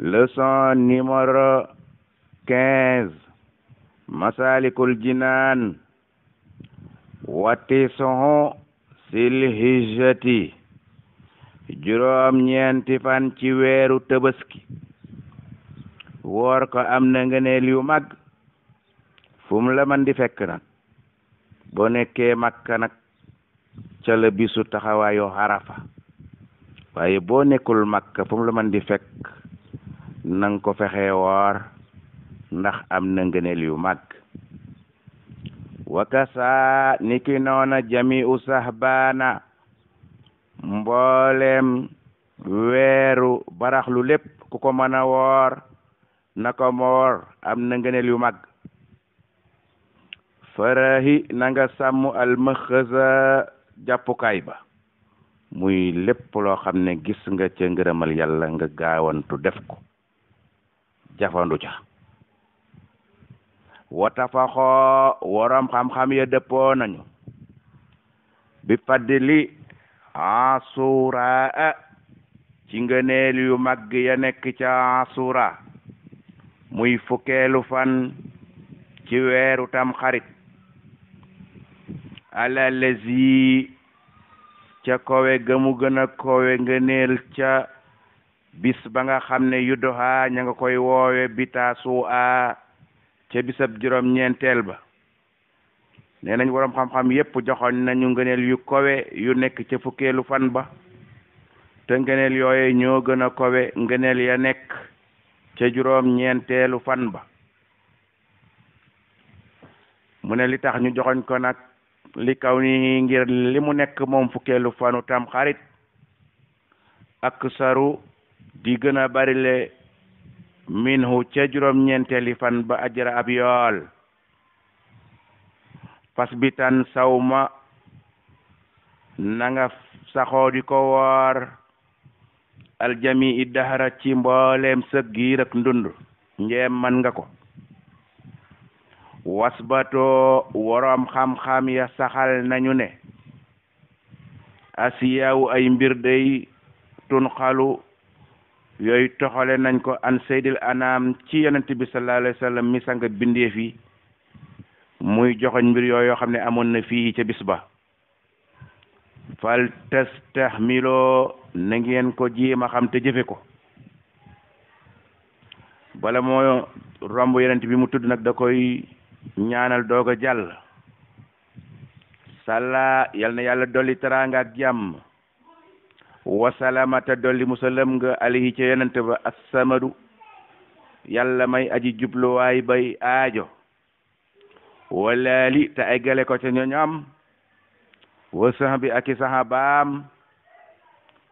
leçon numéro quinze masalikul jinaan wati soho sil juróom ñeenti fan ci weeru tëbëski woor ko am na ngëneel yu mag fu la man di fekk nag boo nekkee makka nag ca la bisu taxawaayu xarafa waaye boo nekkul makka fu la man di fekk nang ko fexe woor ndax am na ngëneel yu mag wakasa niki noona jami u sahbaana mboolem weeru baraxlu lépp ku ko mën a woor na ko moor am na ngëneel yu mag farahi nanga nga sàmm almaxasa ba muy lépp loo xam ne gis nga ca ngërëmal yàlla nga gaawantu def ko jafandu ca watafaxoo waram xam-xam ya dëppoo nañu bi fadli asura ci ngëneel yu mag ya nekk ca asura muy fukkeelu fan ci weeru tam xarit ala lezi ca kowe gëmu gën a kowe ngëneel ca bis ba nga xam ne yuddohaa ña nga koy woowe bitaasu a ca bisab juróom ñeenteel ba nee nañ waroom xam-xam yépp joxoon nañu ngëneel yu kowe yu nekk ca fukkeelu fan ba te ngëneel yooye ñoo gën a kowe ngëneel ya nekk ca juróom ñeenteelu fan ba mu ne li tax ñu joxoñ ko nag li kaw ni ngir li mu nekk moom fukkeelu fanu tam xarit ak saru di gën a barile minhu ca juróom-ñeenteeli fan ba ajara ab yool fasbitan sawma na saxoo di ko woor aljami i dahara ci mboolem sëg giir ndund njeem man nga ko wasbato woroom xam-xam ya saxal nañu ne asiyawu ay mbir dey tun xalu yooyu toxale nañ ko an seydil anaam ci yonent bi sallallahu alayhi wa sallam mi sanga bindeef yi muy joxoñ mbir yooyu yoo xam ne amoon na fii ca bis ba fal tastahmiloo na ngeen ko jéem a xam te jëfe ko bala moo romb yonent bi mu tudd nag da koy ñaanal doog jàll sàlla yal na yàlla dolli teraanga ak jàmm wasalamata dolli musalam nga alayhi ca yonent ba assamadu yàlla may aji jubluwaay bay aajo walaali te eggale ko ca ñoñam wa sahbi ak i sahabaam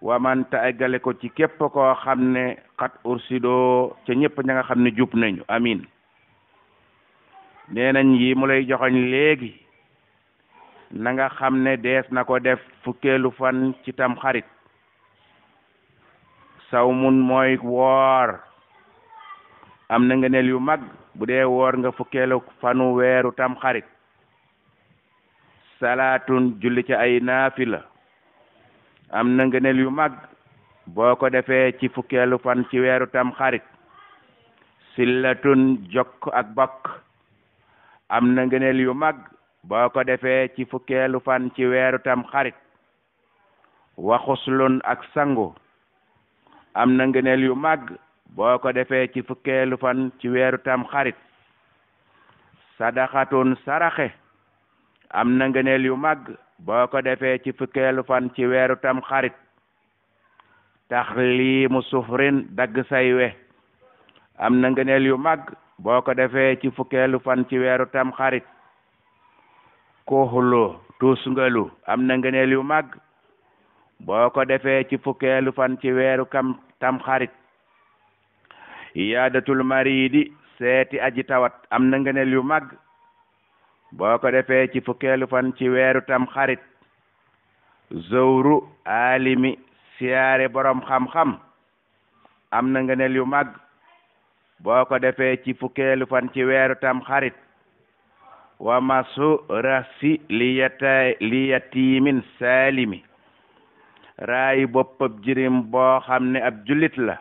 wa man te eggale ko ci képp koo xam ne xat ursidoo ca ñëpp ña nga xam ne jub nañu amin nee nañ yi joxoñ léegi na nga xam ne dees na ko def fukkeelu fan ci tam xarit sawmun mooy woor am na ngëneel yu mag bu dee nga fukkeelu fanu weeru tam xarit salaatun ci ay naafila am na ngëneel yu mag boo ko defee ci fukkeelu fan ci weeru tam xarit sillatun jokk ak bokk am na ngëneel yu mag boo ko defee ci fukkeelu fan ci weeru tam xarit waxuslun ak sangu am na ngëneel yu màgg boo ko defee ci fukkeelu fan ci weeru tam xarit sadaxatun saraxe am na ngëneel yu màgg boo ko defee ci fukkeelu fan ci weeru tam xarit taxliimu sufrin dagg say we am na ngëneel yu màgg boo ko defee ci fukkeelu fan ci weeru tam xarit kuuxlu tusngalu am na ngëneel yu màgg boo ko defee ci fukkeelu fan ci weeru kam tam xarit iyaadatul maridi seeti aji tawat am na ngëneel yu mag boo ko defee ci fukkeelu fan ci weeru tam xarit zowru alimi siyaare borom xam-xam am na ngëneel yu mag boo ko defee ci fukkeelu fan ci weeru tam xarit wa masu liyatimin saalimi raayi boppab jirim boo xam ne ab jullit la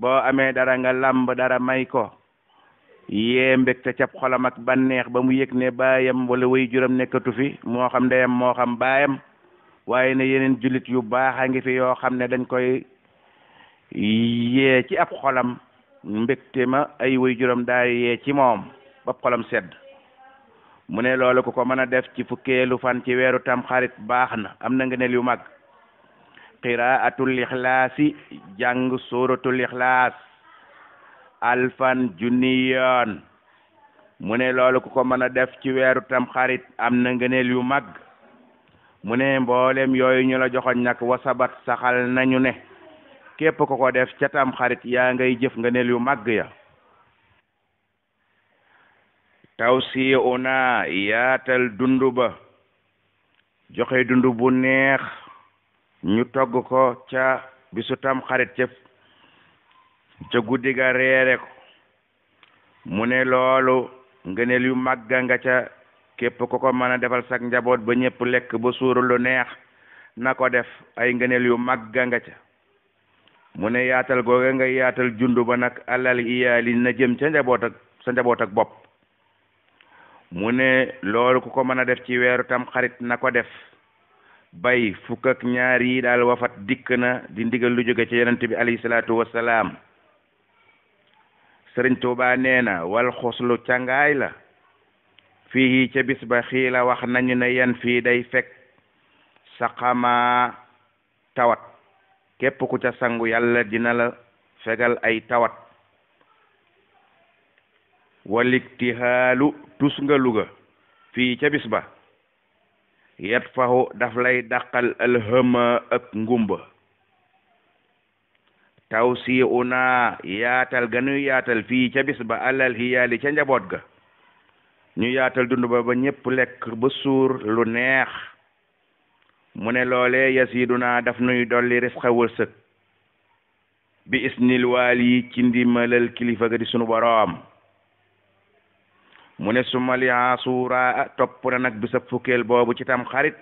boo amee dara nga làmb dara may ko yee mbégte cab xolam ak banneex ba mu yëg ne baayam wala way juram nekkatu fi moo xam ndeyam moo xam baayam waaye ne yeneen jullit yu baax a ngi fi yoo xam ne dañ koy yee ci ab xolam mbégte ma ay way juram daal yee ci moom bab xolam sedd mu ne loolu ku ko mën a def ci fukkeelu fan ci weeru tam xarit baax na am na ngëneel yu mag qiraatul ixlaasi jàng suratul ixlaas alfan junni yoon mu ne loolu ku ko mën a def ci weeru tam xarit am na ngëneel yu mag mu ne mboolem yooyu ñu la joxoon nag wasabat saxal nañu ne képp ko ko def ca tam xarit yaa ngay jëf ngëneel yu mag ya taw naa yaatal dundu ba joxe dundu bu neex ñu togg ko ca bisu tam xarit ca ca guddi ga reere ko mu ne loolu ngëneel yu mag nga ca képp ko ko mën a defal sak njaboot ba ñëpp lekk ba suur lu neex na ko def ay ngëneel yu mag nga ca mu ne yaatal googa nga yaatal jundu ba nag alal iyaali na jëm ca njaboot ak sa njaboot ak bopp mu ne loolu ku ko mën a def ci weeru tam xarit na ko def bay fukk ñaar yi daal wafat dikk na di ndigal lu jóge ci yonent bi alayhi salaatu wassalaam sëriñ Tuubaa nee na wal xoslu cangaay la fii ca bis ba xiila wax nañu ne yan fii day fekk saxamaa tawat képp ku ca sangu yàlla dina la fegal ay tawat walikti haalu tus nga luga fii ca bis ba yet fahu daf lay daqal alhëma ak ngumba taw si naa yaatal ga ñu yaatal fii ca bis ba alal hiyaali ca njaboot ga ñu yaatal dund ba ba ñépp lekk ba suur lu neex mu ne loole yasiduna daf nuy dolli risqa wërsëg bi isnil waal yi ci ndimalal kilifa ga di sunu boroom mu ne sumali asuura topp na nag bisab fukkeel boobu ci tam xarit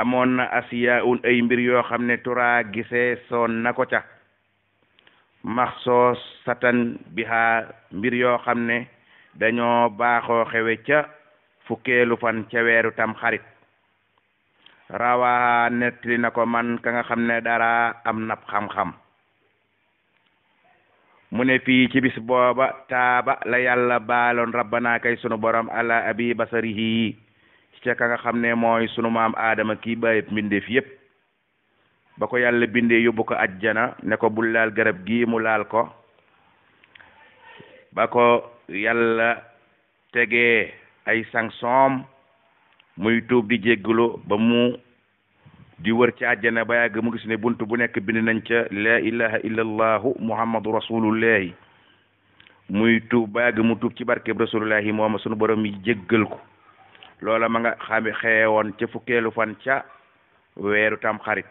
amoon na asiya un ay mbir yoo xam ne tura gise soon na ko ca maxsoo satan biha mbir yoo xam ne dañoo baaxoo xewe ca fukkeelu fan ca weeru tam xarit rawa nettali na ko man ka nga xam ne dara am nap xam-xam mu ne fii ci bis booba taaba la yàlla baaloon rabbana kay sunu borom ala abi basarihi ca ka nga xam ne mooy sunu maam aadama kii bàyyib mbindeef yëpp ba ko yàlla bindee yóbbu ko ajjana ne ko bul laal garab gii mu laal ko ba ko yàlla tegee ay sanction muy tuub di jéggulu ba mu di wër ci àjjana ba mu gis ne bunt bu nekk bind nañ ca laa ilaha illa allahu muhammadu rasulullahi muy tuub ba yàgg mu tuub ci barkeb rasulullahi mooma sunu borom yi jéggal ko loola ma nga xam xeewoon ca fukkeelu fan ca weeru tam xarit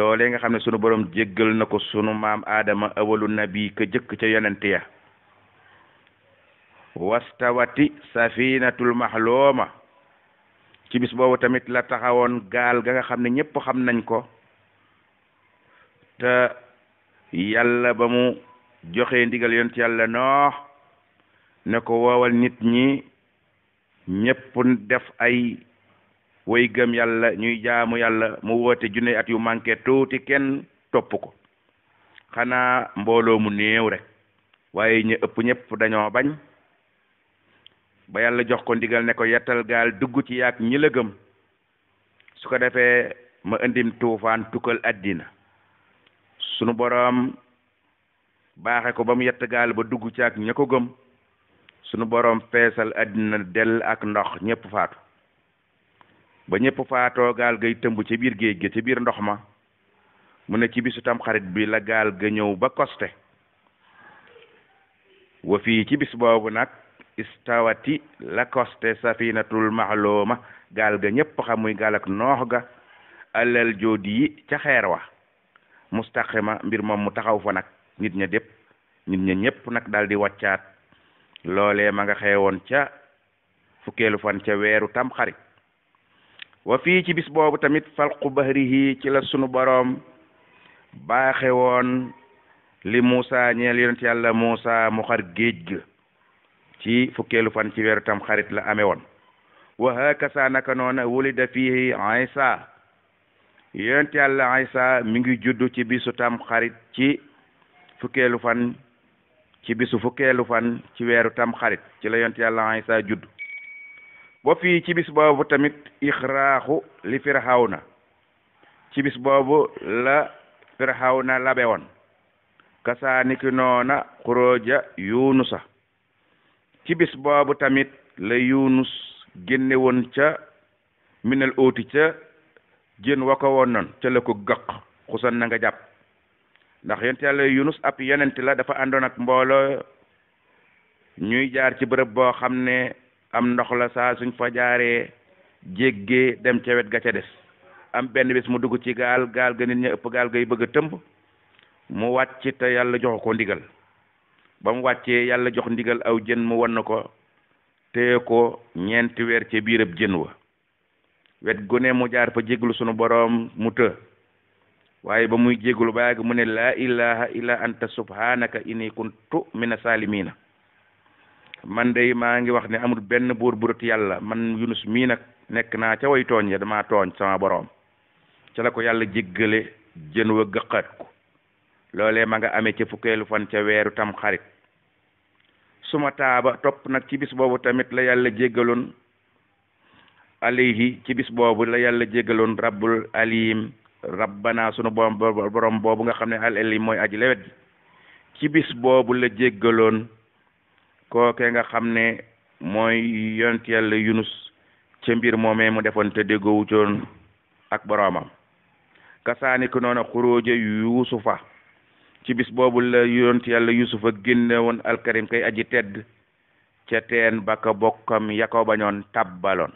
loolee nga xam ne sunu borom jéggal na ko sunu maam aadama awalu nabi ka jëkk ca yonente ya wastawati safinatul maxlooma ci bis boobu tamit la taxawoon gaal ga nga xam ne ñépp xam nañ ko te yàlla ba mu joxe ndigal yonent yàlla noox ne ko woowal nit ñi ñépp def ay way gëm yàlla ñuy jaamu yàlla mu woote junne at yu manqué tuuti kenn topp ko xanaa mbooloo mu néew rek waaye ñu ëpp ñépp dañoo bañ ba yàlla jox ko ndigal ne ko yettal gaal dugg ci yàgg ñi la gëm su ko defee ma indim tuufaan tukkal addina sunu boroom baaxe ko ba mu yett gaal ba dugg ci ak ña ko gëm sunu boroom feesal addina dell ak ndox ñépp faatu ba ñépp faatoo gaal gay tëmb ci biir géej gi ci biir ndox ma mun ne ci bisu tamxarit bi la gaal ga ñëw ba koste wa fii ci bis boobu nag istawati lakoste safinatul maxlooma gaal ga ñépp xam muy gaal ak noox ga alal joodi yi ca xeer wa mustaqima mbir moom mu taxaw fa nag nit ña dépp nit ña ñépp nag daldi di wàccaat loolee ma nga xewoon ca fukkeelu fan ca weeru tam xarit wa fii ci bis boobu tamit falqu bahrihi ci la sunu boroom baaxe woon li Muusa ñeel yonent yàlla Muusa mu xar géej ga ci fukkeelu fan ci weeru tam xarit la amee woon wa hakasa naka noona wulida fihi isa yonent yàlla isa mi ngi juddu ci bisu tam xarit ci fukkeelu fan ci bisu fukkeelu fan ci weeru tam xarit ci la yonent yàlla isa juddu ba fii ci bis boobu tamit ixraaxu li firxawna ci bis boobu la firxawna labe woon kasaaniki noona xurooja yunusa ci bis boobu tamit la yunus génne woon ca minel óoti ca jën wa ko woon noon ca la ko gëq xusan na nga jàpp ndax yonent yàlla yunus ab yonent la dafa àndoon ak mbooloo ñuy jaar ci bërëb boo xam ne am ndox la saa suñ fa jaaree jéggee dem ca wet ga ca des am benn bis mu dugg ci gaal gaal ga nit ña ëpp gaal gay bëgg a tëmb mu wàcc te yàlla joxu ko ndigal ba mu wàccee yàlla jox ndigal aw jën mu wan na ko te ko ñeenti weer ca biirab jën wa wet gune mu jaar fa jéglu sunu boroom mu të waaye ba muy jéglu ba yàgg mu ne laa ilaha illa anta subhanaka inni kuntu mina salimina man day maa ngi wax ne amul benn buur burut yàlla man yunus mii nag nekk naa ca way tooñ dama damaa tooñ sama boroom ca la ko yàlla jéggale jën wa gëqat ko loolee ma nga amee ca fukkeelu fan ca weeru tam xarit suma taaba topp nag ci boobu tamit la yàlla jéggaloon alayhi ci boobu la yàlla jéggaloon rabbul alim rabbana sunu borom borom boobu nga xam ne al alim mooy aji lewet ci boobu la jéggaloon kooke nga xam ne mooy yonent yàlla yunus ca mbir moomee mu defoon te déggoowu coon ak boroomam kasaani ku noona xuróoja ci bis boobu la yonent yàlla a génne woon alkarim kay aji tedd ca teen baka bokkam ya ko bañoon tabbaloon